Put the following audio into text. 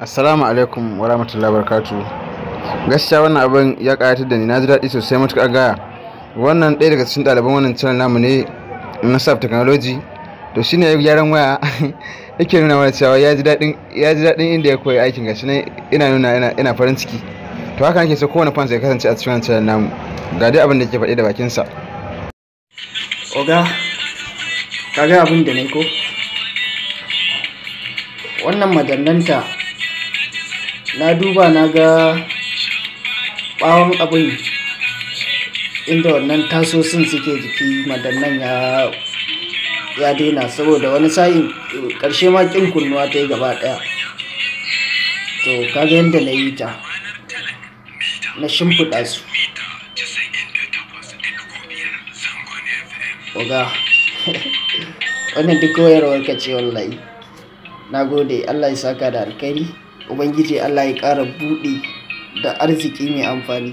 assalamu alaikum wa rahmatullahi barakatu gaskiya wannan abin ya ƙayatar da ni na ji daɗi sosai matuƙa gaya wannan ɗaya daga cikin ɗaliban wannan channel namu ne na sub technology to shine ya gyaran waya yake nuna mana cewa ya ji daɗin inda ya koyi aikin gashi ne ina nuna ina farin ciki to haka nake so kowane fans ya kasance a cikin wannan channel namu ga dai abin da ke faɗi da bakin sa oga kaga abin da ne ko wannan madannanta na duba na ga bawon abin inda wannan tasosin suke jiki madannan ya ya daina saboda wani sa'in ƙarshe ma kin kunnuwa ta yi gaba daya to kaga yadda na yi ta na shimfiɗa su oga wannan duk koyarwar ka ce wallahi na gode allah ya saka da alkhairi ubangiji allah ya ƙara buɗe da arziki mai amfani